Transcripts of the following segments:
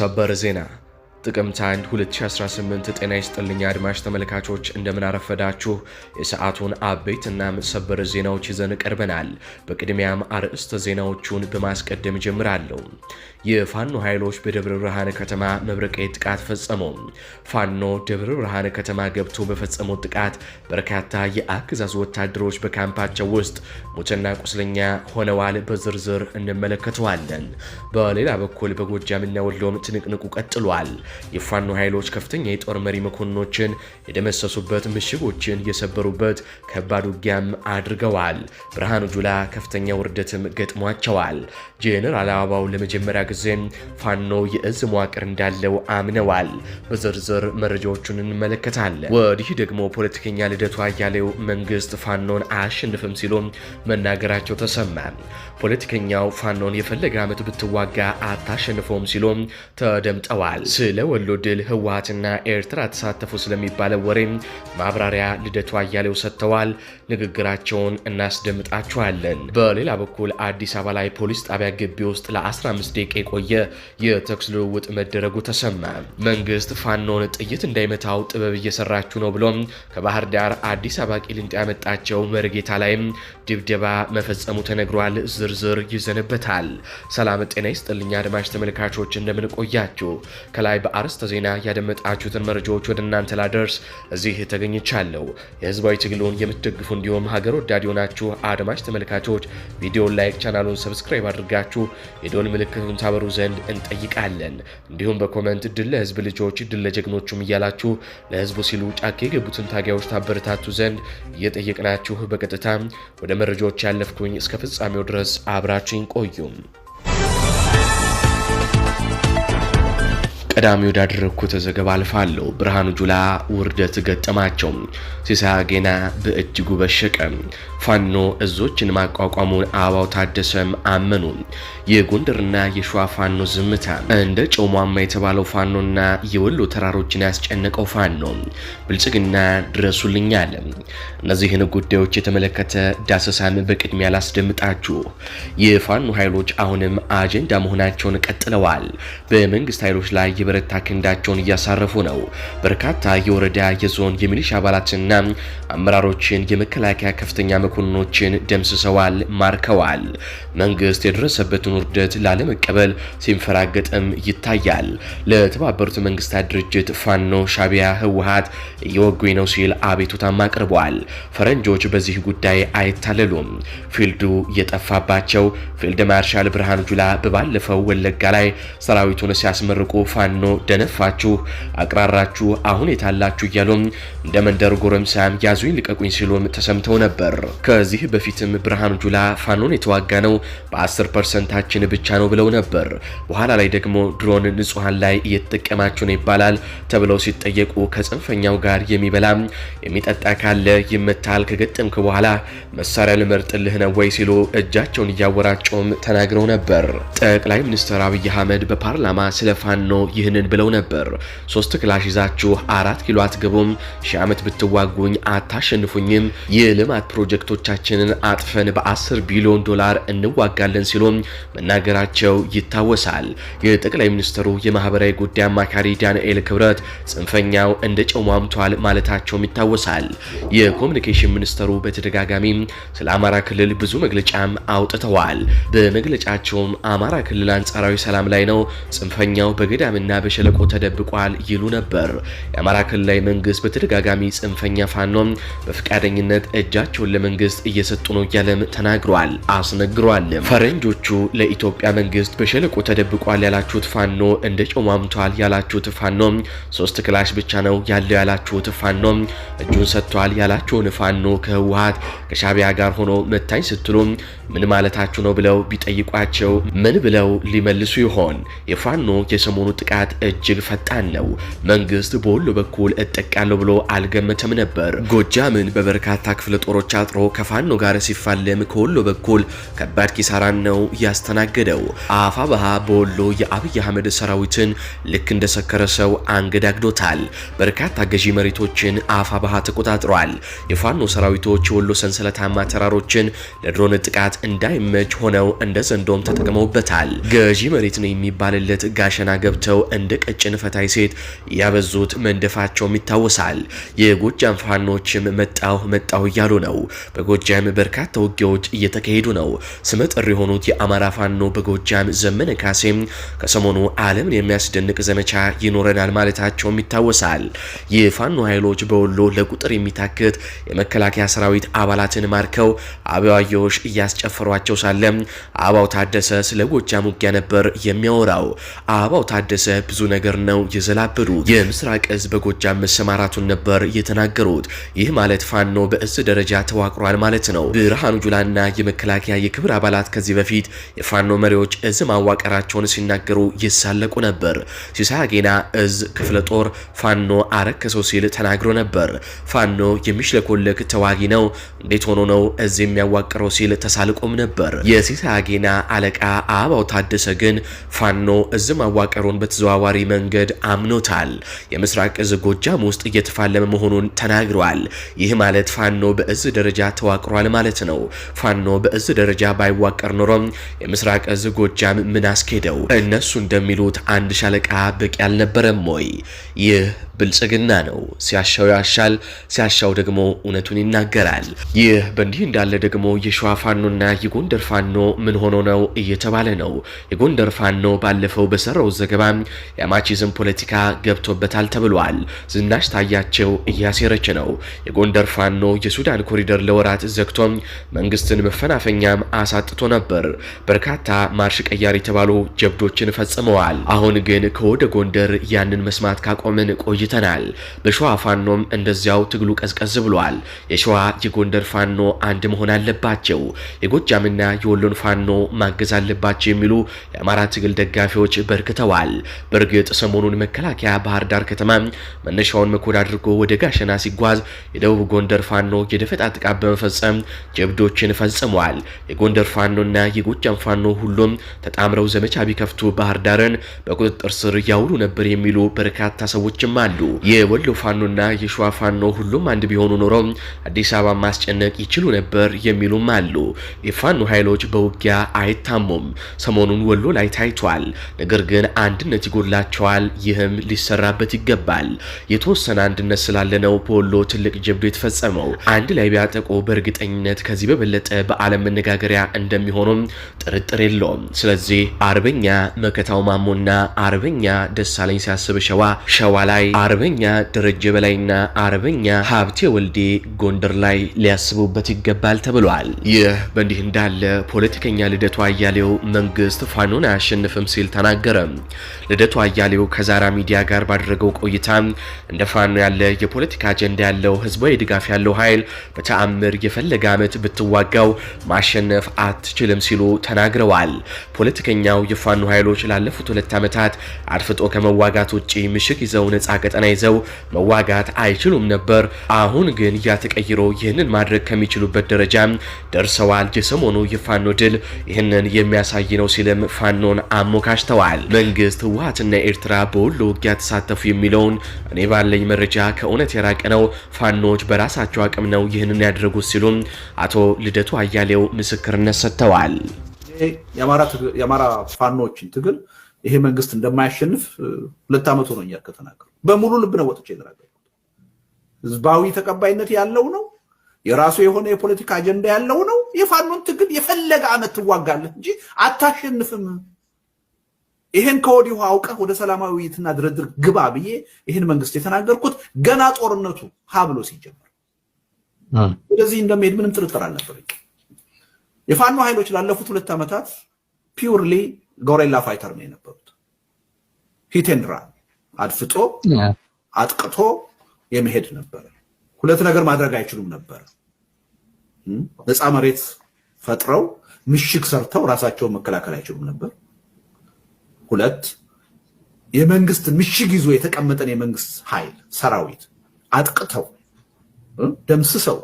ሰበር ዜና ጥቅምት 1 2018። ጤና ይስጥልኝ አድማጭ ተመልካቾች እንደምን አረፈዳችሁ። የሰዓቱን አበይት እና ሰበር ዜናዎች ይዘን ቀርበናል። በቅድሚያም አርዕስተ ዜናዎቹን በማስቀደም ጀምራለሁ። የፋኖ ኃይሎች በደብረ ብርሃን ከተማ መብረቃዊ ጥቃት ፈጸሙ። ፋኖ ደብረ ብርሃን ከተማ ገብቶ በፈጸመው ጥቃት በርካታ የአገዛዙ ወታደሮች በካምፓቸው ውስጥ ሙትና ቁስለኛ ሆነዋል። በዝርዝር እንመለከተዋለን። በሌላ በኩል በጎጃምና ወሎም ትንቅንቁ ቀጥሏል። የፋኖ ኃይሎች ከፍተኛ የጦር መሪ መኮንኖችን የደመሰሱበት፣ ምሽጎችን የሰበሩበት ከባድ ውጊያም አድርገዋል። ብርሃኑ ጁላ ከፍተኛ ውርደትም ገጥሟቸዋል። ጄኔራል አበባው ለመጀመሪያ ጊዜ ፋኖ የእዝ መዋቅር እንዳለው አምነዋል። በዝርዝር መረጃዎቹን እንመለከታለን። ወዲህ ደግሞ ፖለቲከኛ ልደቱ አያሌው መንግስት ፋኖን አያሸንፍም ሲሉ መናገራቸው ተሰማ። ፖለቲከኛው ፋኖን የፈለገ ዓመት ብትዋጋ አታሸንፈውም ሲሉ ተደምጠዋል። ስለ ወሎ ድል ህወሀትና ኤርትራ ተሳተፉ ስለሚባለው ወሬ ማብራሪያ ልደቱ አያሌው ሰጥተዋል። ንግግራቸውን እናስደምጣችኋለን። በሌላ በኩል አዲስ አበባ ላይ ፖሊስ ጣቢያ ግቢ ውስጥ ለ15 ደቂ የቆየ የተኩስ ልውውጥ መደረጉ ተሰማ። መንግስት ፋኖን ጥይት እንዳይመታው ጥበብ እየሰራችሁ ነው ብሎም ከባህር ዳር አዲስ አበባ ቂሊንጦ ያመጣቸው መርጌታ ላይም ድብደባ መፈጸሙ ተነግሯል። ዝርዝር ይዘንበታል። ሰላም ጤና ይስጥልኝ አድማጭ ተመልካቾች እንደምንቆያችሁ። ከላይ በአርዕስተ ዜና ያደመጣችሁትን መረጃዎች ወደ እናንተ ላደርስ እዚህ ተገኝቻለሁ። የህዝባዊ ትግሉን የምትደግፉ እንዲሁም ሀገር ወዳድ የሆናችሁ አድማጭ ተመልካቾች ቪዲዮን ላይክ፣ ቻናሉን ሰብስክራይብ አድርጋችሁ የዶል ምልክቱን ታበሩ ዘንድ እንጠይቃለን። እንዲሁም በኮመንት ድል ለህዝብ ልጆች፣ ድል ለጀግኖቹም እያላችሁ ለህዝቡ ሲሉ ጫካ የገቡትን ታጋዮች ታበረታቱ ዘንድ እየጠየቅናችሁ በቀጥታ ወደ መረጃዎች ያለፍኩኝ እስከ ፍጻሜው ድረስ አብራችሁኝ ቆዩም። ቀዳሚ ወዳደረግኩት ዘገባ አልፋለሁ። ብርሃኑ ጁላ ውርደት ገጠማቸው። ሲሳይ አጌና በእጅጉ በሸቀ። ፋኖ እዞችን ማቋቋሙን አበባው ታደሰም አመኑ። የጎንደርና የሸዋ ፋኖ ዝምታ እንደ ጨውሟማ የተባለው ፋኖና የወሎ ተራሮችን ያስጨነቀው ፋኖ ብልጽግና ድረሱልኛል። እነዚህን ጉዳዮች የተመለከተ ዳሰሳን በቅድሚያ ላስደምጣችሁ። የፋኖ ኃይሎች አሁንም አጀንዳ መሆናቸውን ቀጥለዋል። በመንግስት ኃይሎች ላይ የበረታ ክንዳቸውን እያሳረፉ ነው። በርካታ የወረዳ የዞን የሚሊሻ አባላትና አመራሮችን የመከላከያ ከፍተኛ መኮንኖችን ደምስሰዋል፣ ማርከዋል። መንግስት የደረሰበትን ውርደት ላለመቀበል ሲንፈራገጥም ይታያል። ለተባበሩት መንግስታት ድርጅት ፋኖ፣ ሻቢያ፣ ህወሀት እየወጉኝ ነው ሲል አቤቱታም አቅርቧል። ፈረንጆች በዚህ ጉዳይ አይታለሉም። ፊልዱ የጠፋባቸው ፊልድ ማርሻል ብርሃኑ ጁላ በባለፈው ወለጋ ላይ ሰራዊቱን ሲያስመርቁ ፋኖ ፋኖ ደነፋችሁ፣ አቅራራችሁ፣ አሁን የታላችሁ እያሉም እንደ መንደር ጎረምሳም ያዙኝ ልቀቁኝ ሲሉም ተሰምተው ነበር። ከዚህ በፊትም ብርሃኑ ጁላ ፋኖን የተዋጋ ነው በ10 ፐርሰንታችን ብቻ ነው ብለው ነበር። በኋላ ላይ ደግሞ ድሮን ንጹሐን ላይ እየተጠቀማችሁ ነው ይባላል ተብለው ሲጠየቁ ከጽንፈኛው ጋር የሚበላ የሚጠጣ ካለ ይመታል ከገጠምክ በኋላ መሳሪያ ልመርጥልህ ነው ወይ ሲሉ እጃቸውን እያወራጩም ተናግረው ነበር። ጠቅላይ ሚኒስትር አብይ አህመድ በፓርላማ ስለ ፋኖ ይህ ይህንን ብለው ነበር። ሶስት ክላሽ ይዛችሁ አራት ኪሎ አትገቡም፣ ሺህ ዓመት ብትዋጉኝ አታሸንፉኝም፣ የልማት ፕሮጀክቶቻችንን አጥፈን በ10 ቢሊዮን ዶላር እንዋጋለን ሲሉም መናገራቸው ይታወሳል። የጠቅላይ ሚኒስትሩ የማህበራዊ ጉዳይ አማካሪ ዳንኤል ክብረት ጽንፈኛው እንደ ጨሟምቷል ማለታቸውም ይታወሳል። የኮሚኒኬሽን ሚኒስትሩ በተደጋጋሚ ስለ አማራ ክልል ብዙ መግለጫም አውጥተዋል። በመግለጫቸውም አማራ ክልል አንጻራዊ ሰላም ላይ ነው፣ ጽንፈኛው በገዳምና በሸለቆ ተደብቋል ይሉ ነበር። የአማራ ክልላዊ መንግስት በተደጋጋሚ ጽንፈኛ ፋኖም በፈቃደኝነት እጃቸውን ለመንግስት እየሰጡ ነው እያለም ተናግሯል፣ አስነግሯል። ፈረንጆቹ ለኢትዮጵያ መንግስት በሸለቆ ተደብቋል ያላችሁት ፋኖ እንደ ጨው ማምቷል ያላችሁት ፋኖ ሶስት ክላሽ ብቻ ነው ያለው ያላችሁት ፋኖ እጁን ሰጥቷል ያላችሁን ፋኖ ከህወሀት ከሻቢያ ጋር ሆኖ መታኝ ስትሉ ምን ማለታችሁ ነው ብለው ቢጠይቋቸው ምን ብለው ሊመልሱ ይሆን? የፋኖ የሰሞኑ ጥቃት ጥቃት እጅግ ፈጣን ነው። መንግስት በወሎ በኩል እጠቃለሁ ብሎ አልገመተም ነበር። ጎጃምን በበርካታ ክፍለ ጦሮች አጥሮ ከፋኖ ጋር ሲፋለም ከወሎ በኩል ከባድ ኪሳራን ነው ያስተናገደው። ባሃ በወሎ የአብይ አህመድ ሰራዊትን ልክ እንደሰከረ ሰው አንገዳግዶታል። በርካታ ገዢ መሬቶችን አፋ ባሃ ተቆጣጥሯል። የፋኖ ሰራዊቶች የወሎ ሰንሰለታማ ተራሮችን ለድሮን ጥቃት እንዳይመች ሆነው እንደ ዘንዶም ተጠቅመውበታል። ገዢ መሬት ነው የሚባልለት ጋሸና ገብተው እንደ ቀጭን ፈታይ ሴት ያበዙት መንደፋቸውም ይታወሳል። የጎጃም ፋኖችም መጣሁ መጣሁ እያሉ ነው። በጎጃም በርካታ ውጊያዎች እየተካሄዱ ነው። ስመጥር የሆኑት የአማራ ፋኖ በጎጃም ዘመነ ካሴም ከሰሞኑ ዓለምን የሚያስደንቅ ዘመቻ ይኖረናል ማለታቸውም ይታወሳል። የፋኖ ኃይሎች በወሎ ለቁጥር የሚታክት የመከላከያ ሰራዊት አባላትን ማርከው አብዮዎች እያስጨፈሯቸው ሳለም አባው ታደሰ ስለ ጎጃም ውጊያ ነበር የሚያወራው። አባው ታደሰ ብዙ ነገር ነው የዘላበዱት። የምስራቅ እዝ በጎጃም መሰማራቱን ነበር የተናገሩት። ይህ ማለት ፋኖ በእዝ ደረጃ ተዋቅሯል ማለት ነው። ብርሃኑ ጁላና የመከላከያ የክብር አባላት ከዚህ በፊት የፋኖ መሪዎች እዝ ማዋቀራቸውን ሲናገሩ ይሳለቁ ነበር። ሲሳይ አጌና እዝ ክፍለ ጦር ፋኖ አረከሰው ሲል ተናግሮ ነበር። ፋኖ የሚሽለኮልክ ተዋጊ ነው፣ እንዴት ሆኖ ነው እዝ የሚያዋቅረው ሲል ተሳልቆም ነበር። የሲሳይ አጌና አለቃ አበባው ታደሰ ግን ፋኖ እዝ ማዋቀሩን በተዘዋ በተዘዋዋሪ መንገድ አምኖታል። የምስራቅ እዝ ጎጃም ውስጥ እየተፋለመ መሆኑን ተናግረዋል። ይህ ማለት ፋኖ በእዝ ደረጃ ተዋቅሯል ማለት ነው። ፋኖ በእዝ ደረጃ ባይዋቀር ኖሮም የምስራቅ እዝ ጎጃም ምን አስኬደው? እነሱ እንደሚሉት አንድ ሻለቃ በቂ አልነበረም ወይ? ይህ ብልጽግና ነው። ሲያሻው ያሻል፣ ሲያሻው ደግሞ እውነቱን ይናገራል። ይህ በእንዲህ እንዳለ ደግሞ የሸዋ ፋኖና የጎንደር ፋኖ ምን ሆኖ ነው እየተባለ ነው። የጎንደር ፋኖ ባለፈው በሰራው ዘገባ የማቺዝም ፖለቲካ ገብቶበታል ተብሏል። ዝናሽ ታያቸው እያሴረች ነው። የጎንደር ፋኖ የሱዳን ኮሪደር ለወራት ዘግቶም መንግስትን መፈናፈኛም አሳጥቶ ነበር። በርካታ ማርሽ ቀያር የተባሉ ጀብዶችን ፈጽመዋል። አሁን ግን ከወደ ጎንደር ያንን መስማት ካቆምን ቆይተናል። በሸዋ ፋኖም እንደዚያው ትግሉ ቀዝቀዝ ብሏል። የሸዋ የጎንደር ፋኖ አንድ መሆን አለባቸው፣ የጎጃምና የወሎን ፋኖ ማገዝ አለባቸው የሚሉ የአማራ ትግል ደጋፊዎች በርክተዋል። በእርግጥ ሰሞኑን መከላከያ ባህር ዳር ከተማ መነሻውን መኮድ አድርጎ ወደ ጋሸና ሲጓዝ የደቡብ ጎንደር ፋኖ የደፈጣ ጥቃት በመፈጸም ጀብዶችን ፈጽመዋል። የጎንደር ፋኖና የጎጃም ፋኖ ሁሉም ተጣምረው ዘመቻ ቢከፍቱ ባህር ዳርን በቁጥጥር ስር ያውሉ ነበር የሚሉ በርካታ ሰዎችም አሉ። የወሎ ፋኖና የሸዋ ፋኖ ሁሉም አንድ ቢሆኑ ኖሮ አዲስ አበባ ማስጨነቅ ይችሉ ነበር የሚሉም አሉ። የፋኖ ኃይሎች በውጊያ አይታሙም፣ ሰሞኑን ወሎ ላይ ታይቷል። ነገር ግን አንድነት ተደርጎላቸዋል። ይህም ሊሰራበት ይገባል። የተወሰነ አንድነት ስላለ ነው በወሎ ትልቅ ጀብዱ የተፈጸመው አንድ ላይ ቢያጠቁ በእርግጠኝነት ከዚህ በበለጠ በዓለም መነጋገሪያ እንደሚሆኑም ጥርጥር የለውም። ስለዚህ አርበኛ መከታው ማሞና አርበኛ ደሳለኝ ሲያስብ ሸዋ፣ ሸዋ ላይ አርበኛ ደረጀ በላይና አርበኛ ሀብቴ ወልዴ ጎንደር ላይ ሊያስቡበት ይገባል ተብሏል። ይህ በእንዲህ እንዳለ ፖለቲከኛ ልደቱ አያሌው መንግስት ፋኖን አያሸንፍም ሲል ተናገረ። ልደቱ አያሌው ከዛራ ሚዲያ ጋር ባደረገው ቆይታ እንደ ፋኖ ያለ የፖለቲካ አጀንዳ ያለው ህዝባዊ ድጋፍ ያለው ኃይል በተአምር የፈለገ ዓመት ብትዋጋው ማሸነፍ አትችልም ሲሉ ተናግረዋል። ፖለቲከኛው የፋኖ ኃይሎች ላለፉት ሁለት ዓመታት አድፍጦ ከመዋጋት ውጪ ምሽግ ይዘው ነፃ ቀጠና ይዘው መዋጋት አይችሉም ነበር። አሁን ግን እያተቀይሮ ይህንን ማድረግ ከሚችሉበት ደረጃ ደርሰዋል። የሰሞኑ የፋኖ ድል ይህንን የሚያሳይ ነው ሲልም ፋኖን አሞካሽተዋል። መንግስት ህወሓት እና ኤርትራ በወሎ ውጊያ ተሳተፉ የሚለውን እኔ ባለኝ መረጃ ከእውነት የራቀ ነው። ፋኖች በራሳቸው አቅም ነው ይህንን ያደረጉት ሲሉም አቶ ልደቱ አያሌው ምስክርነት ሰጥተዋል። የአማራ ፋኖችን ትግል ይሄ መንግስት እንደማያሸንፍ ሁለት ዓመት እያ ከተናገሩ በሙሉ ልብ ነው ወጥቼ የተናገርኩት። ህዝባዊ ተቀባይነት ያለው ነው። የራሱ የሆነ የፖለቲካ አጀንዳ ያለው ነው። የፋኖን ትግል የፈለገ ዓመት ትዋጋለህ እንጂ አታሸንፍም። ይህን ከወዲሁ አውቀህ ወደ ሰላማዊ ውይይትና ድርድር ግባ ብዬ ይህን መንግስት የተናገርኩት ገና ጦርነቱ ሀብሎ ሲጀመር ወደዚህ እንደሚሄድ ምንም ጥርጥር አልነበረኝ። የፋኖ ኃይሎች ላለፉት ሁለት ዓመታት ፒውርሊ ጎሬላ ፋይተር ነው የነበሩት። ሂቴንድራ አድፍጦ አጥቅቶ የመሄድ ነበረ። ሁለት ነገር ማድረግ አይችሉም ነበር። ነፃ መሬት ፈጥረው ምሽግ ሰርተው ራሳቸውን መከላከል አይችሉም ነበር። ሁለት የመንግስትን ምሽግ ይዞ የተቀመጠን የመንግስት ኃይል ሰራዊት አጥቅተው ደምስሰው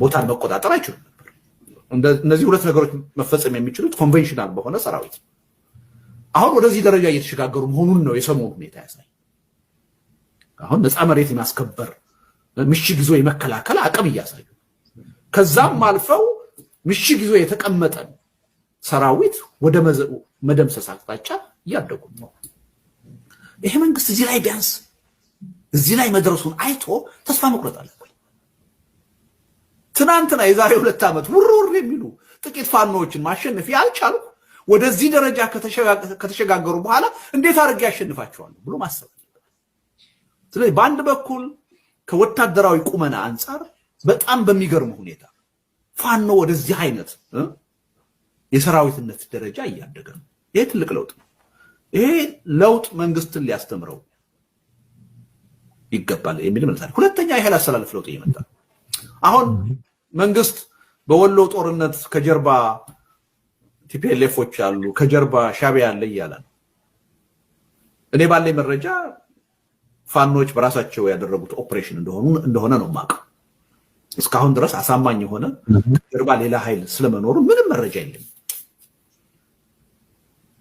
ቦታን መቆጣጠር አይችሉም ነበር። እነዚህ ሁለት ነገሮች መፈጸም የሚችሉት ኮንቬንሽናል በሆነ ሰራዊት አሁን ወደዚህ ደረጃ እየተሸጋገሩ መሆኑን ነው የሰሞኑ ሁኔታ ያሳይ። አሁን ነፃ መሬት የማስከበር ምሽግ ይዞ የመከላከል አቅም እያሳዩ ከዛም አልፈው ምሽግ ይዞ የተቀመጠን ሰራዊት መደምሰስ አቅጣጫ እያደጉም ነው። ይሄ መንግስት እዚህ ላይ ቢያንስ እዚህ ላይ መድረሱን አይቶ ተስፋ መቁረጥ አለበት። ትናንትና የዛሬ ሁለት ዓመት ውርውር የሚሉ ጥቂት ፋኖዎችን ማሸነፍ ያልቻሉ ወደዚህ ደረጃ ከተሸጋገሩ በኋላ እንዴት አድርጌ ያሸንፋቸዋለሁ ብሎ ማሰብ አለበት። ስለዚህ በአንድ በኩል ከወታደራዊ ቁመና አንጻር በጣም በሚገርም ሁኔታ ፋኖ ወደዚህ አይነት የሰራዊትነት ደረጃ እያደገ ነው። ይሄ ትልቅ ለውጥ ነው። ይሄ ለውጥ መንግስትን ሊያስተምረው ይገባል የሚል መልሳል። ሁለተኛ የኃይል አሰላለፍ ለውጥ እየመጣ አሁን መንግስት በወሎ ጦርነት ከጀርባ ቲፒኤልኤፎች አሉ፣ ከጀርባ ሻቢያ አለ እያለ ነው። እኔ ባለኝ መረጃ ፋኖች በራሳቸው ያደረጉት ኦፕሬሽን እንደሆነ ነው የማውቀው። እስካሁን ድረስ አሳማኝ የሆነ ከጀርባ ሌላ ኃይል ስለመኖሩ ምንም መረጃ የለም።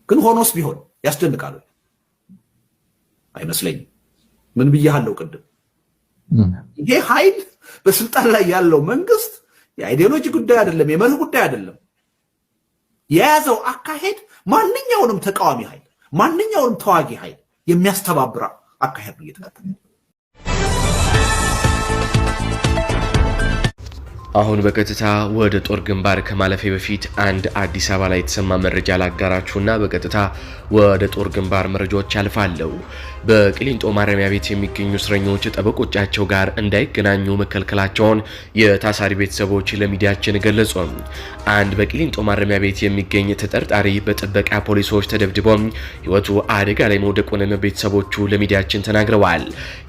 ግን ሆኖስ ቢሆን ያስደንቃል አይመስለኝም። ምን ብያሃለው ቅድም ይሄ ኃይል በስልጣን ላይ ያለው መንግስት የአይዲዮሎጂ ጉዳይ አይደለም፣ የመርህ ጉዳይ አይደለም። የያዘው አካሄድ ማንኛውንም ተቃዋሚ ኃይል ማንኛውንም ተዋጊ ኃይል የሚያስተባብራ አካሄድ ነው እየተከተለ አሁን በቀጥታ ወደ ጦር ግንባር ከማለፌ በፊት አንድ አዲስ አበባ ላይ የተሰማ መረጃ ላጋራችሁና በቀጥታ ወደ ጦር ግንባር መረጃዎች አልፋለሁ። በቅሊንጦ ማረሚያ ቤት የሚገኙ እስረኞች ጠበቆቻቸው ጋር እንዳይገናኙ መከልከላቸውን የታሳሪ ቤተሰቦች ለሚዲያችን ገለጹ። አንድ በቅሊንጦ ማረሚያ ቤት የሚገኝ ተጠርጣሪ በጥበቃ ፖሊሶች ተደብድቦ ሕይወቱ አደጋ ላይ መውደቁንም ቤተሰቦቹ ለሚዲያችን ተናግረዋል።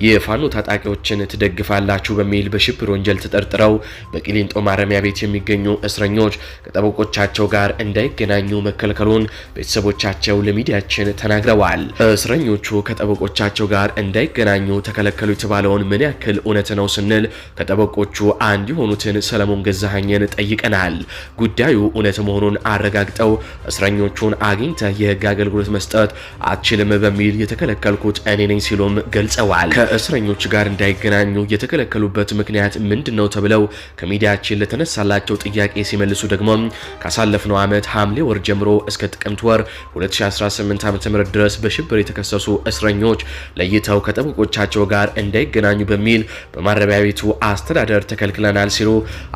የፋኖ ታጣቂዎችን ትደግፋላችሁ በሚል በሽብር ወንጀል ተጠርጥረው በቅሊንጦ ማረሚያ ቤት የሚገኙ እስረኞች ከጠበቆቻቸው ጋር እንዳይገናኙ መከልከሉን ቤተሰቦቻቸው ለሚዲያችን ተናግረዋል። እስረኞቹ ከጠበቆ ከጠበቆቻቸው ጋር እንዳይገናኙ ተከለከሉ የተባለውን ምን ያክል እውነት ነው ስንል ከጠበቆቹ አንድ የሆኑትን ሰለሞን ገዛሀኝን ጠይቀናል። ጉዳዩ እውነት መሆኑን አረጋግጠው እስረኞቹን አግኝተህ የህግ አገልግሎት መስጠት አትችልም በሚል የተከለከልኩት እኔ ነኝ ሲሉም ገልጸዋል። ከእስረኞች ጋር እንዳይገናኙ የተከለከሉበት ምክንያት ምንድን ነው ተብለው ከሚዲያችን ለተነሳላቸው ጥያቄ ሲመልሱ ደግሞ ካሳለፍነው ዓመት ሐምሌ ወር ጀምሮ እስከ ጥቅምት ወር 2018 ም ድረስ በሽብር የተከሰሱ እስረኞች ቡድኖች ለይተው ከጠበቆቻቸው ጋር እንዳይገናኙ በሚል በማረቢያ ቤቱ አስተዳደር ተከልክለናል ሲሉ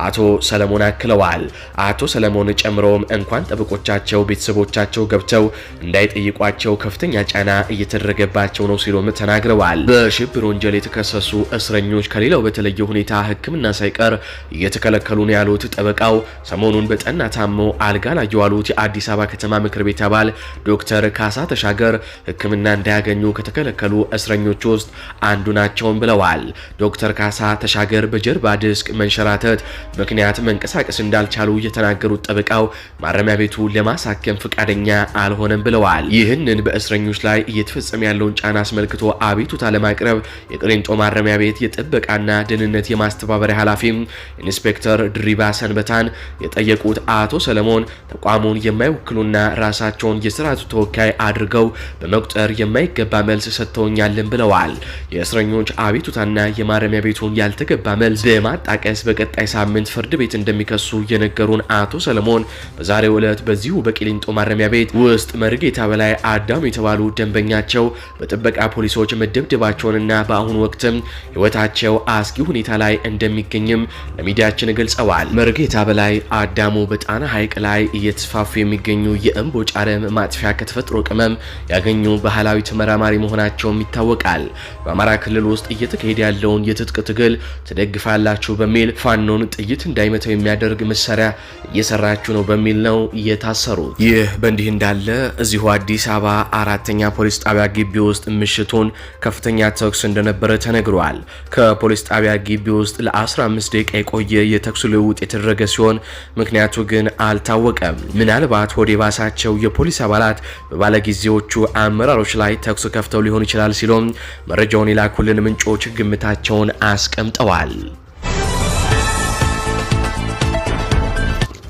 አቶ ሰለሞን አክለዋል። አቶ ሰለሞን ጨምሮም እንኳን ጠበቆቻቸው ቤተሰቦቻቸው ገብተው እንዳይጠይቋቸው ከፍተኛ ጫና እየተደረገባቸው ነው ሲሉም ተናግረዋል። በሽብር ወንጀል የተከሰሱ እስረኞች ከሌላው በተለየ ሁኔታ ሕክምና ሳይቀር እየተከለከሉ ነው ያሉት ጠበቃው ሰሞኑን በጠና ታሞ አልጋ ላይ የዋሉት የአዲስ አበባ ከተማ ምክር ቤት አባል ዶክተር ካሳ ተሻገር ሕክምና እንዳያገኙ ከተከ ከተከለከሉ እስረኞች ውስጥ አንዱ ናቸውም ብለዋል። ዶክተር ካሳ ተሻገር በጀርባ ዲስክ መንሸራተት ምክንያት መንቀሳቀስ እንዳልቻሉ የተናገሩት ጠበቃው ማረሚያ ቤቱ ለማሳከም ፈቃደኛ አልሆነም ብለዋል። ይህንን በእስረኞች ላይ እየተፈጸመ ያለውን ጫና አስመልክቶ አቤቱታ ለማቅረብ የቅሊንጦ ማረሚያ ቤት የጥበቃና ደህንነት የማስተባበሪያ ኃላፊም ኢንስፔክተር ድሪባ ሰንበታን የጠየቁት አቶ ሰለሞን ተቋሙን የማይወክሉና ራሳቸውን የስርዓቱ ተወካይ አድርገው በመቁጠር የማይገባ መልስ ሰጥተውኛልን ብለዋል። የእስረኞች አቤቱታና የማረሚያ ቤቱን ያልተገባ መልስ በማጣቀስ በቀጣይ ሳምንት ፍርድ ቤት እንደሚከሱ የነገሩን አቶ ሰለሞን በዛሬው ዕለት በዚሁ በቂሊንጦ ማረሚያ ቤት ውስጥ መርጌታ በላይ አዳሙ የተባሉ ደንበኛቸው በጥበቃ ፖሊሶች መደብደባቸውንና በአሁኑ ወቅትም ሕይወታቸው አስጊ ሁኔታ ላይ እንደሚገኝም ለሚዲያችን ገልጸዋል። መርጌታ በላይ አዳሙ በጣና ሐይቅ ላይ እየተስፋፉ የሚገኙ የእምቦጭ አረም ማጥፊያ ከተፈጥሮ ቅመም ያገኙ ባህላዊ ተመራማሪ መሆናቸው መሆናቸውም ይታወቃል። በአማራ ክልል ውስጥ እየተካሄደ ያለውን የትጥቅ ትግል ትደግፋላችሁ በሚል ፋኖን ጥይት እንዳይመታው የሚያደርግ መሳሪያ እየሰራችሁ ነው በሚል ነው የታሰሩት። ይህ በእንዲህ እንዳለ እዚሁ አዲስ አበባ አራተኛ ፖሊስ ጣቢያ ግቢ ውስጥ ምሽቱን ከፍተኛ ተኩስ እንደነበረ ተነግሯል። ከፖሊስ ጣቢያ ግቢ ውስጥ ለ15 ደቂቃ የቆየ የተኩስ ልውውጥ የተደረገ ሲሆን ምክንያቱ ግን አልታወቀም። ምናልባት ወደ ባሳቸው የፖሊስ አባላት በባለጊዜዎቹ አመራሮች ላይ ተኩስ ከፍተው ሊሆን ይችላል ሲሉም መረጃውን የላኩልን ምንጮች ግምታቸውን አስቀምጠዋል።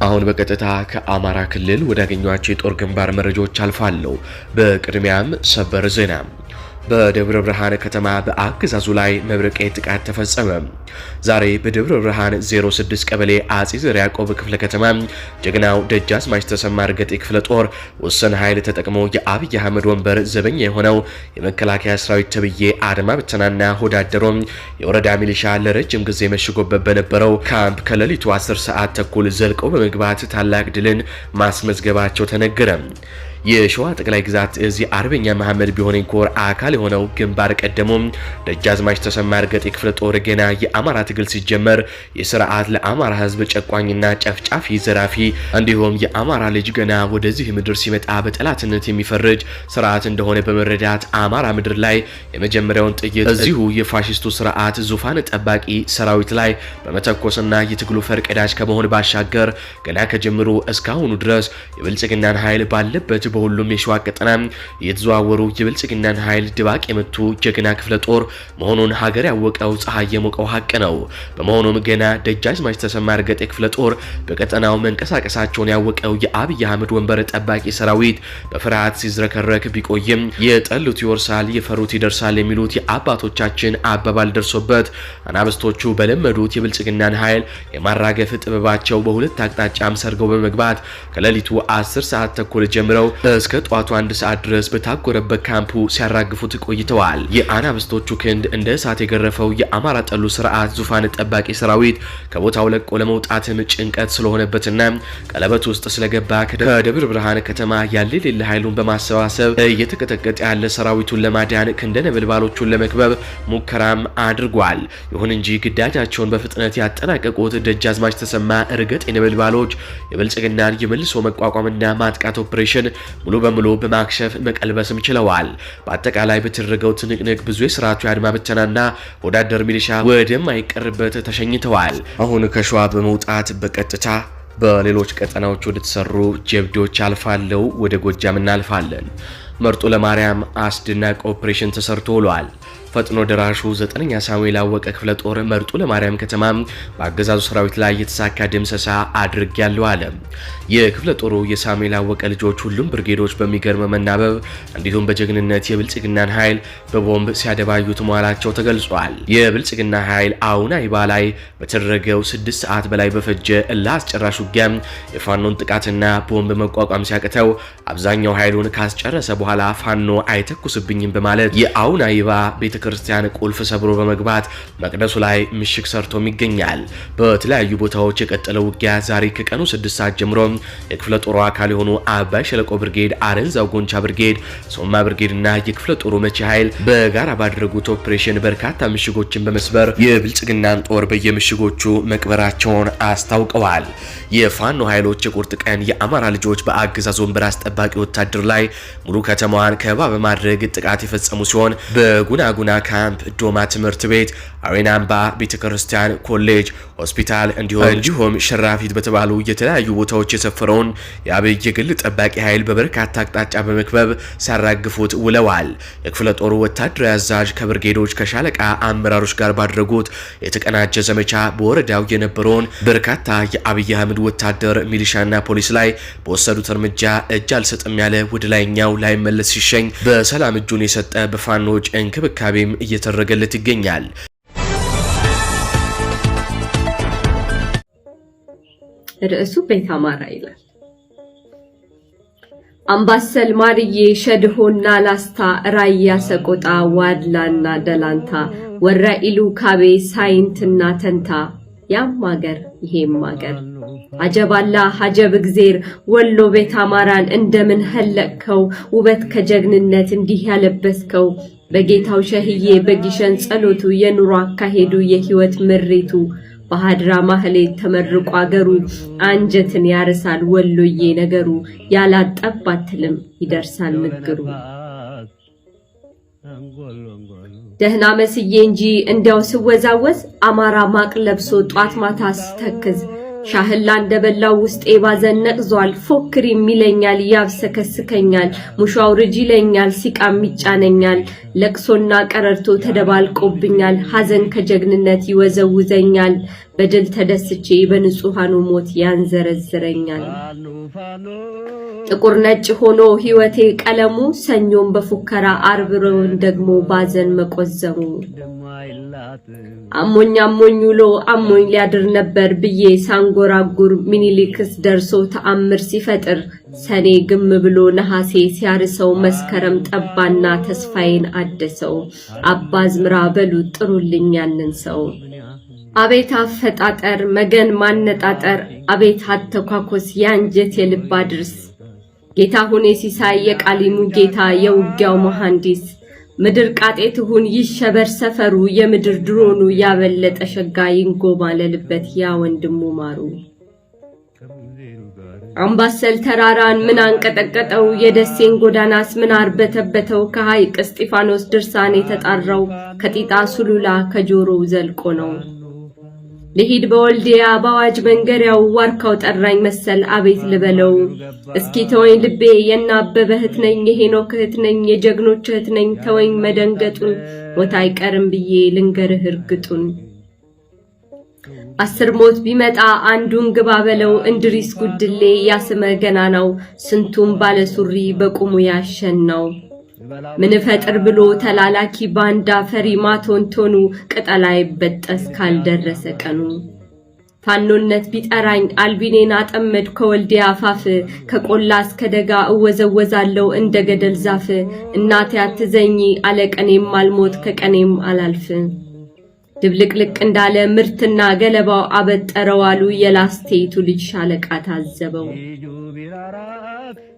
አሁን በቀጥታ ከአማራ ክልል ወዳገኟቸው የጦር ግንባር መረጃዎች አልፋለሁ። በቅድሚያም ሰበር ዜና በደብረ ብርሃን ከተማ በአገዛዙ ላይ መብረቃዊ ጥቃት ተፈጸመ። ዛሬ በደብረ ብርሃን 06 ቀበሌ አጼ ዘር ያዕቆብ ክፍለ ከተማ ጀግናው ደጃዝማች ተሰማ እርገጤ ክፍለ ጦር ውስን ኃይል ተጠቅሞ የአብይ አህመድ ወንበር ዘበኛ የሆነው የመከላከያ ሰራዊት ተብዬ አድማ ብተናና ሆዳደሮ የወረዳ ሚሊሻ ለረጅም ጊዜ መሽጎበት በነበረው ካምፕ ከሌሊቱ 10 ሰዓት ተኩል ዘልቀው በመግባት ታላቅ ድልን ማስመዝገባቸው ተነገረ። የሸዋ ጠቅላይ ግዛት እዚ አርበኛ መሐመድ ቢሆነኝ ኮር አካል የሆነው ግንባር ቀደሙም ደጃዝማች ተሰማ እርገጤ ክፍለ ጦር ገና የአማራ ትግል ሲጀመር የስርዓት ለአማራ ህዝብ ጨቋኝና ጨፍጫፊ ዘራፊ፣ እንዲሁም የአማራ ልጅ ገና ወደዚህ ምድር ሲመጣ በጠላትነት የሚፈርጅ ስርዓት እንደሆነ በመረዳት አማራ ምድር ላይ የመጀመሪያውን ጥይት እዚሁ የፋሽስቱ ስርዓት ዙፋን ጠባቂ ሰራዊት ላይ በመተኮስና የትግሉ ፈርቀዳጅ ከመሆን ባሻገር ገና ከጀምሮ እስካሁኑ ድረስ የብልጽግናን ኃይል ባለበት በሁሉም የሸዋ ቀጠና የተዘዋወሩ የብልጽግናን ኃይል ድባቅ የመቱ ጀግና ክፍለ ጦር መሆኑን ሀገር ያወቀው ፀሐይ የሞቀው ሀቅ ነው። በመሆኑም ገና ደጃዝማች ተሰማ እርገጤ ክፍለ ጦር በቀጠናው መንቀሳቀሳቸውን ያወቀው የአብይ አህመድ ወንበር ጠባቂ ሰራዊት በፍርሃት ሲዝረከረክ ቢቆይም የጠሉት ይወርሳል፣ የፈሩት ይደርሳል የሚሉት የአባቶቻችን አባባል ደርሶበት አናብስቶቹ በለመዱት የብልጽግናን ኃይል የማራገፍ ጥበባቸው በሁለት አቅጣጫም ሰርገው በመግባት ከሌሊቱ አስር ሰዓት ተኩል ጀምረው እስከ ጠዋቱ አንድ ሰዓት ድረስ በታጎረበት ካምፑ ሲያራግፉት ቆይተዋል። የአናብስቶቹ ክንድ እንደ እሳት የገረፈው የአማራ ጠሉ ስርዓት ዙፋን ጠባቂ ሰራዊት ከቦታው ለቆ ለመውጣትም ጭንቀት ስለሆነበትና ቀለበት ውስጥ ስለገባ ከደብረ ብርሃን ከተማ ያለ የሌለ ኃይሉን በማሰባሰብ እየተቀጠቀጠ ያለ ሰራዊቱን ለማዳን ክንደ ነበልባሎቹን ለመክበብ ሙከራም አድርጓል። ይሁን እንጂ ግዳጃቸውን በፍጥነት ያጠናቀቁት ደጃዝማች ተሰማ እርገጥ የነበልባሎች የብልጽግናን የመልሶ መቋቋምና ማጥቃት ኦፕሬሽን ሙሉ በሙሉ በማክሸፍ መቀልበስም ችለዋል። በአጠቃላይ በተደረገው ትንቅንቅ ብዙ የስርዓቱ የአድማ ብተናና ወዳደር ሚሊሻ ወደማይቀርበት ተሸኝተዋል። አሁን ከሸዋ በመውጣት በቀጥታ በሌሎች ቀጠናዎች ወደተሰሩ ጀብዶች አልፋለው። ወደ ጎጃም እናልፋለን። መርጦ ለማርያም አስደናቂ ኦፕሬሽን ተሰርቶ ውሏል። ፈጥኖ ደራሹ ዘጠነኛ ሳሙኤል አወቀ ክፍለ ጦር መርጦ ለማርያም ከተማ በአገዛዙ ሰራዊት ላይ የተሳካ ድምሰሳ ያለው አለ። የክፍለ ጦሩ የሳሙኤል አወቀ ልጆች ሁሉም ብርጌዶች በሚገርም መናበብ እንዲሁም በጀግንነት የብልጽግናን ኃይል በቦምብ ሲያደባዩት መዋላቸው ተገልጿል። የብልጽግና ኃይል አሁን አይባ ላይ በተደረገው ስድስት ሰዓት በላይ በፈጀ እልህ አስጨራሽ ውጊያ የፋኖን ጥቃትና ቦምብ መቋቋም ሲያቅተው አብዛኛው ኃይሉን ካስጨረሰ በኋላ ፋኖ አይተኩስብኝም በማለት የአሁን አይባ ቤተ ክርስቲያን ቁልፍ ሰብሮ በመግባት መቅደሱ ላይ ምሽግ ሰርቶም ይገኛል። በተለያዩ ቦታዎች የቀጠለው ውጊያ ዛሬ ከቀኑ 6 ሰዓት ጀምሮ የክፍለ ጦሩ አካል የሆኑ አባይ ሸለቆ ብርጌድ፣ አረንዛው ጎንቻ ብርጌድ፣ ሶማ ብርጌድ እና የክፍለ ጦሩ መቼ ኃይል በጋራ ባደረጉት ኦፕሬሽን በርካታ ምሽጎችን በመስበር የብልጽግናን ጦር በየምሽጎቹ መቅበራቸውን አስታውቀዋል። የፋኖ ኃይሎች የቁርጥ ቀን የአማራ ልጆች በአገዛዙ ወንበር አስጠባቂ ወታደር ላይ ሙሉ ከተማዋን ከበባ በማድረግ ጥቃት የፈጸሙ ሲሆን በጉናጉና ካምፕ፣ ዶማ ትምህርት ቤት፣ አሬናምባ ቤተክርስቲያን ኮሌጅ ሆስፒታል እንዲሁም ሸራፊት በተባሉ የተለያዩ ቦታዎች የሰፈረውን የአብይ የግል ጠባቂ ኃይል በበርካታ አቅጣጫ በመክበብ ሲያራግፉት ውለዋል። የክፍለ ጦሩ ወታደራዊ አዛዥ ከብርጌዶች ከሻለቃ አመራሮች ጋር ባደረጉት የተቀናጀ ዘመቻ በወረዳው የነበረውን በርካታ የአብይ አህመድ ወታደር ሚሊሻና ፖሊስ ላይ በወሰዱት እርምጃ እጅ አልሰጥም ያለ ወደ ላይኛው ላይመለስ ሲሸኝ በሰላም እጁን የሰጠ በፋኖች እንክብካቤም እየተደረገለት ይገኛል። ርዕሱ ቤት አማራ ይላል። አምባሰል ማርዬ፣ ሸድሆና ላስታ፣ ራያ ሰቆጣ፣ ዋድላና ደላንታ፣ ወራኢሉ ካቤ፣ ሳይንትና ተንታ ያም አገር ይሄም አገር አጀባላ ሀጀብ እግዜር ወሎ ቤት አማራን እንደምን ኸለቅከው ውበት ከጀግንነት እንዲህ ያለበስከው በጌታው ሸህዬ በጊሸን ጸሎቱ የኑሮ አካሄዱ የህይወት ምሪቱ በሀድራ ማህሌት ተመርቆ አገሩ አንጀትን ያርሳል ወሎዬ ነገሩ ያላጠብ ይደርሳል ምግሩ። ደህና መስዬ እንጂ እንዲያው ስወዛወዝ አማራ ማቅ ለብሶ ጧት ማታ ስተክዝ ሻህላ እንደበላው ውስጤ ባዘን ነቅዟል። ፎክሪም ይለኛል፣ ያብሰከስከኛል፣ ሙሿው ርጅ ይለኛል፣ ሲቃም ይጫነኛል። ለቅሶና ቀረርቶ ተደባልቆብኛል፣ ሐዘን ከጀግንነት ይወዘውዘኛል። በድል ተደስቼ በንጹሐኑ ሞት ያንዘረዝረኛል። ጥቁር ነጭ ሆኖ ሕይወቴ ቀለሙ ሰኞም በፉከራ አርብሮን ደግሞ ባዘን መቆዘሙ አሞኝ አሞኝ ውሎ አሞኝ ሊያድር ነበር ብዬ ሳንጎራጉር ሚኒሊክስ ደርሶ ተአምር ሲፈጥር ሰኔ ግም ብሎ ነሐሴ ሲያርሰው መስከረም ጠባና ተስፋዬን አደሰው። አባዝምራ በሉት ጥሩልኝ ያንን ሰው አቤት አፈጣጠር መገን ማነጣጠር አቤት አተኳኮስ የአንጀት የልብ አድርስ ጌታ ሁኔ ሲሳይ የቃሊሙ ጌታ የውጊያው መሐንዲስ ምድር ቃጤ ትሁን ይሸበር ሰፈሩ የምድር ድሮኑ ያበለጠ ሸጋ ይንጎማለልበት ያ ወንድሙ ማሩ አምባሰል ተራራን ምን አንቀጠቀጠው የደሴን ጎዳናስ ምን አርበተበተው ከሐይቅ እስጢፋኖስ ድርሳን የተጣራው ከጢጣ ሱሉላ ከጆሮው ዘልቆ ነው። ልሂድ በወልዲያ በአዋጅ መንገሪያው ዋርካው ጠራኝ መሰል አቤት ልበለው። እስኪ ተወኝ ልቤ የናበበ አበበ እህት ነኝ የሄኖክ እህት ነኝ የጀግኖች እህት ነኝ ተወኝ መደንገጡን ሞት አይቀርም ብዬ ልንገርህ እርግጡን። አስር ሞት ቢመጣ አንዱን ግባ በለው እንድሪስ ጉድሌ ያስመ ገናናው ስንቱም ባለሱሪ በቁሙ ያሸናው። ምን ፈጥር ብሎ ተላላኪ ባንዳ ፈሪ ማቶንቶኑ ቅጠላ ይበጠስ ካልደረሰ ቀኑ ፋኖነት ቢጠራኝ አልቢኔን አጠመድ ከወልዲያ አፋፍ ከቆላ እስከ ደጋ እወዘወዛለው እንደ ገደል ዛፍ እናቴ አትዘኝ አለቀኔም አልሞት ከቀኔም አላልፍ ድብልቅልቅ እንዳለ ምርትና ገለባው አበጠረው አሉ የላስቴቱ ልጅ ሻለቃ ታዘበው።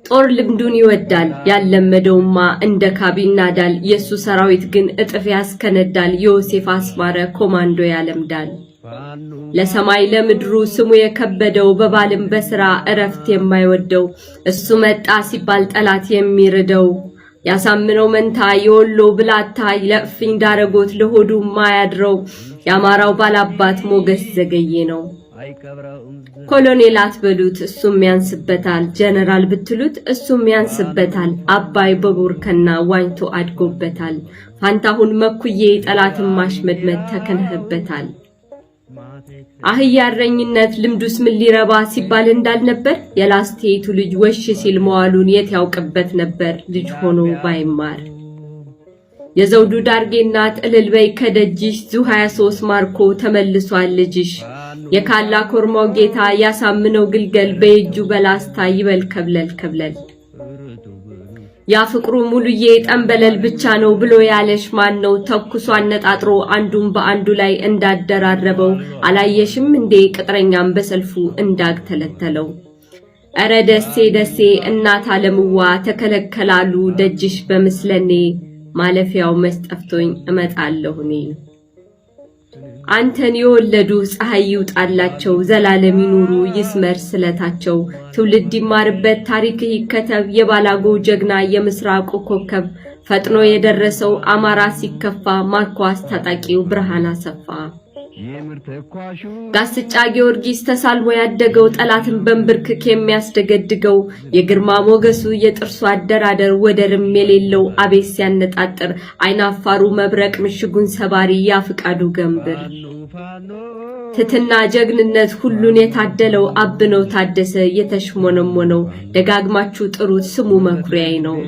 ጦር ልምዱን ይወዳል ያለመደውማ እንደ ካቢ ይናዳል። የእሱ ሰራዊት ግን እጥፍ ያስከነዳል። ዮሴፍ አስማረ ኮማንዶ ያለምዳል። ለሰማይ ለምድሩ ስሙ የከበደው በባልም በስራ እረፍት የማይወደው እሱ መጣ ሲባል ጠላት የሚርደው ያሳምነው መንታ የወሎ ብላታ ለእፍኝ ዳረጎት ለሆዱ ማያድረው የአማራው ባላባት ሞገስ ዘገዬ ነው። ኮሎኔል አትበሉት እሱም ያንስበታል፣ ጀነራል ብትሉት እሱም ያንስበታል። አባይ በቦርከና ዋኝቶ አድጎበታል። ፋንታሁን መኩዬ ጠላትን ማሽመድመድ ተከንህበታል። አህያ እረኝነት ልምዱስ ምን ሊረባ ሲባል እንዳልነበር የላስቴቱ ልጅ ወሽ ሲል መዋሉን የት ያውቅበት ነበር ልጅ ሆኖ ባይማር። የዘውዱ ዳርጌ እናት እልል በይ ከደጅሽ ዙ 23 ማርኮ ተመልሷል ልጅሽ የካላ ኮርማው ጌታ ያሳምነው ግልገል በየእጁ በላስታ ይበል ከብለል ከብለል ያ ፍቅሩ ሙሉዬ ጠንበለል ብቻ ነው ብሎ ያለሽ ማን ነው? ተኩሶ አነጣጥሮ አንዱን በአንዱ ላይ እንዳደራረበው አላየሽም እንዴ? ቅጥረኛም በሰልፉ እንዳግተለተለው ተለተለው። እረ ደሴ ደሴ እናት አለምዋ ተከለከላሉ ደጅሽ በምስለኔ ማለፊያው መስጠፍቶኝ እመጣለሁ እኔ አንተን የወለዱ ፀሐይ ይውጣላቸው ዘላለም ይኑሩ ይስመር ስለታቸው ትውልድ ይማርበት ታሪክህ ይከተብ የባላጎ ጀግና የምስራቁ ኮከብ ፈጥኖ የደረሰው አማራ ሲከፋ ማርኳስ ታጣቂው ብርሃን አሰፋ ጋስጫ ጊዮርጊስ ተሳልሞ ያደገው ጠላትን በንብርክክ የሚያስደገድገው የግርማ ሞገሱ የጥርሱ አደራደር ወደርም የሌለው አቤት ሲያነጣጥር አይናፋሩ መብረቅ ምሽጉን ሰባሪ ያፍቃዱ ገንብር ትትና ጀግንነት ሁሉን የታደለው አብነው ታደሰ የተሽሞነሞነው ደጋግማችሁ ጥሩት ስሙ መኩሪያይ ነው።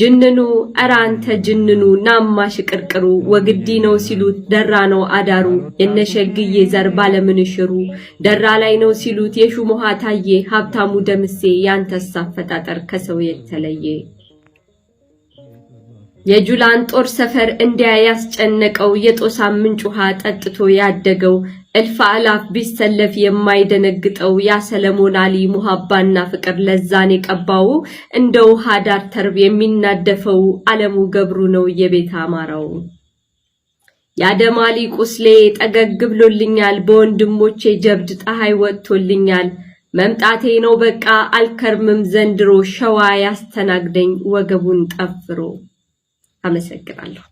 ጅንኑ እረ አንተ ጅንኑ ናማ ሽቅርቅሩ ወግዲ ነው ሲሉት ደራ ነው አዳሩ የነሸግዬ ዘር ባለምንሽሩ ደራ ላይ ነው ሲሉት የሹም ታዬ ሀብታሙ ደምሴ ያንተስ አፈጣጠር ከሰው የተለየ የጁላን ጦር ሰፈር እንዲያ ያስጨነቀው የጦሳ ምንጭ ውሃ ጠጥቶ ያደገው እልፍ አላፍ ቢሰለፍ የማይደነግጠው ያ ሰለሞን አሊ ሙሀባና ፍቅር ለዛን የቀባው እንደ ውሃ ዳር ተርብ የሚናደፈው አለሙ ገብሩ ነው የቤት አማራው። የአደም አሊ ቁስሌ ጠገግ ብሎልኛል፣ በወንድሞቼ ጀብድ ፀሐይ ወጥቶልኛል። መምጣቴ ነው በቃ አልከርምም ዘንድሮ ሸዋ ያስተናግደኝ ወገቡን ጠፍሮ። አመሰግናለሁ።